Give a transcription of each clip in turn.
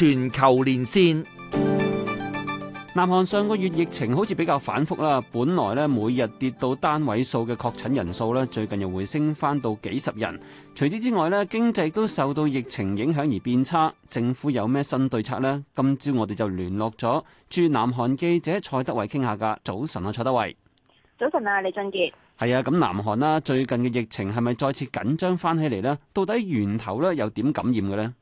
全球連線，南韓上個月疫情好似比較反覆啦，本來咧每日跌到單位數嘅確診人數咧，最近又回升翻到幾十人。除此之外咧，經濟都受到疫情影響而變差。政府有咩新對策呢？今朝我哋就聯絡咗駐南韓記者蔡德蕙傾下噶。早晨啊，蔡德蕙。早晨啊，李俊杰。係啊，咁南韓啦，啊，最近嘅疫情係咪再次緊張翻起嚟呢？到底源頭咧又點感染嘅呢？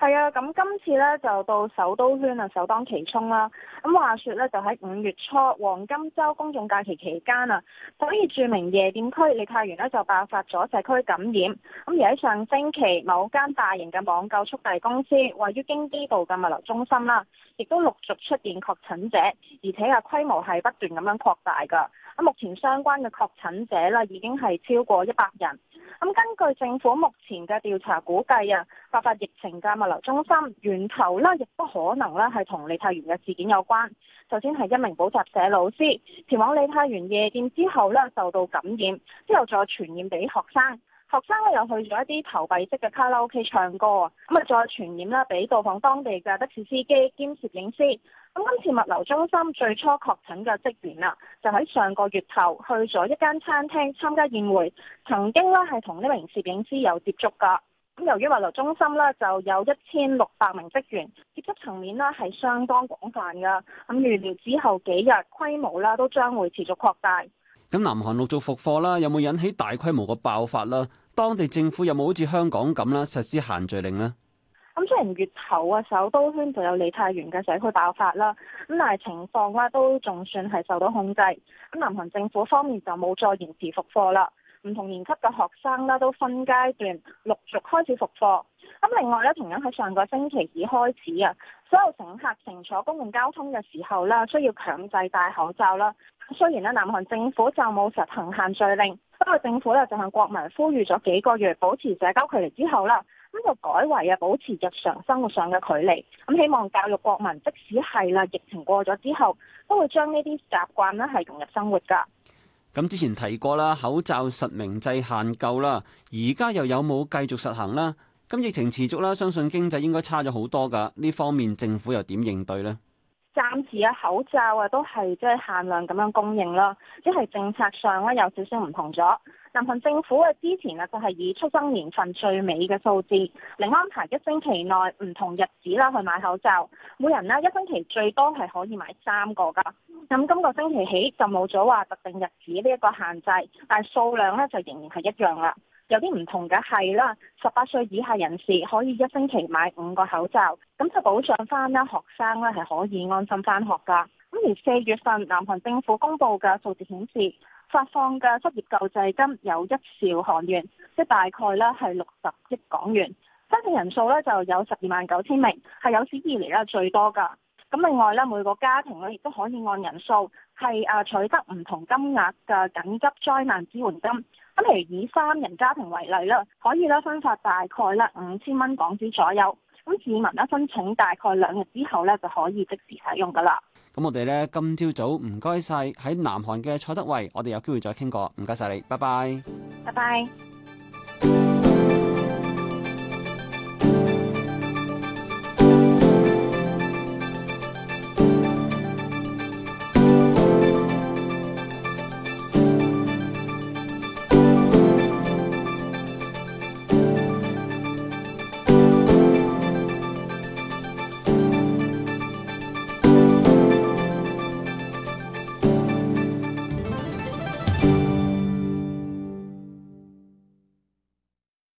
係啊，咁今次咧就到首都圈啊，首當其衝啦。咁話說咧，就喺五月初黃金周公眾假期期間啊，首爾著名夜店區梨泰院呢就爆發咗社區感染。咁而喺上星期某間大型嘅網購速遞公司位於京畿道嘅物流中心啦，亦都陸續出現確診者，而且啊規模係不斷咁樣擴大噶。啊，目前相關嘅確診者啦已經係超過一百人。咁根據政府目前嘅調查估計啊，發發疫情嘅物流中心源頭咧，亦都可能咧係同梨泰院嘅事件有關。首先係一名補習社老師，前往梨泰院夜店之後咧受到感染，之後再傳染俾學生。學生咧又去咗一啲投幣式嘅卡拉 OK 唱歌啊，咁啊再傳染啦，俾到訪當地嘅的士司機兼攝影師。咁今次物流中心最初確診嘅職員啦，就喺上個月頭去咗一間餐廳參加宴會，曾經咧係同呢名攝影師有接觸噶。咁由於物流中心咧就有一千六百名職員，接觸層面呢係相當廣泛嘅，咁預料之後幾日規模咧都將會持續擴大。咁南韓陸續復課啦，有冇引起大規模嘅爆發啦？當地政府有冇好似香港咁啦實施限聚令呢？咁雖然月頭啊，首都圈就有梨泰院嘅社區爆發啦，咁但係情況咧、啊、都仲算係受到控制。咁南韓政府方面就冇再延遲復課啦，唔同年級嘅學生啦、啊、都分階段陸續開始復課。咁另外咧，同樣喺上個星期二開始啊，所有乘客乘坐公共交通嘅時候啦、啊，需要強制戴口罩啦。雖然咧，南韓政府就冇實行限聚令，不過政府咧就向國民呼籲咗幾個月保持社交距離之後啦，咁就改為啊保持日常生活上嘅距離，咁希望教育國民即使係啦疫情過咗之後，都會將呢啲習慣咧係融入生活噶。咁之前提過啦，口罩實名制限購啦，而家又有冇繼續實行啦？咁疫情持續啦，相信經濟應該差咗好多噶，呢方面政府又點應對呢？暫時嘅口罩啊，都係即係限量咁樣供應啦。即係政策上咧有少少唔同咗。南韓政府嘅之前咧就係以出生年份最尾嘅數字嚟安排一星期內唔同日子啦去買口罩，每人呢一星期最多係可以買三個㗎。咁今個星期起就冇咗話特定日子呢一個限制，但係數量咧就仍然係一樣啦。有啲唔同嘅係啦，十八歲以下人士可以一星期買五個口罩，咁就保障翻啦。學生咧係可以安心翻學㗎。咁而四月份南韓政府公布嘅數字顯示，發放嘅失業救濟金有一兆韓元，即係大概咧係六十億港元，申請人數咧就有十二萬九千名，係有史以嚟咧最多㗎。咁另外咧，每個家庭咧亦都可以按人數係誒取得唔同金額嘅緊急災難支援金。咁譬如以三人家庭為例啦，可以咧分發大概咧五千蚊港紙左右。咁市民咧申請大概兩日之後咧就可以即時使用噶啦。咁我哋咧今朝早唔該曬喺南韓嘅蔡德蕙，我哋有機會再傾過，唔該曬你，拜拜，拜拜。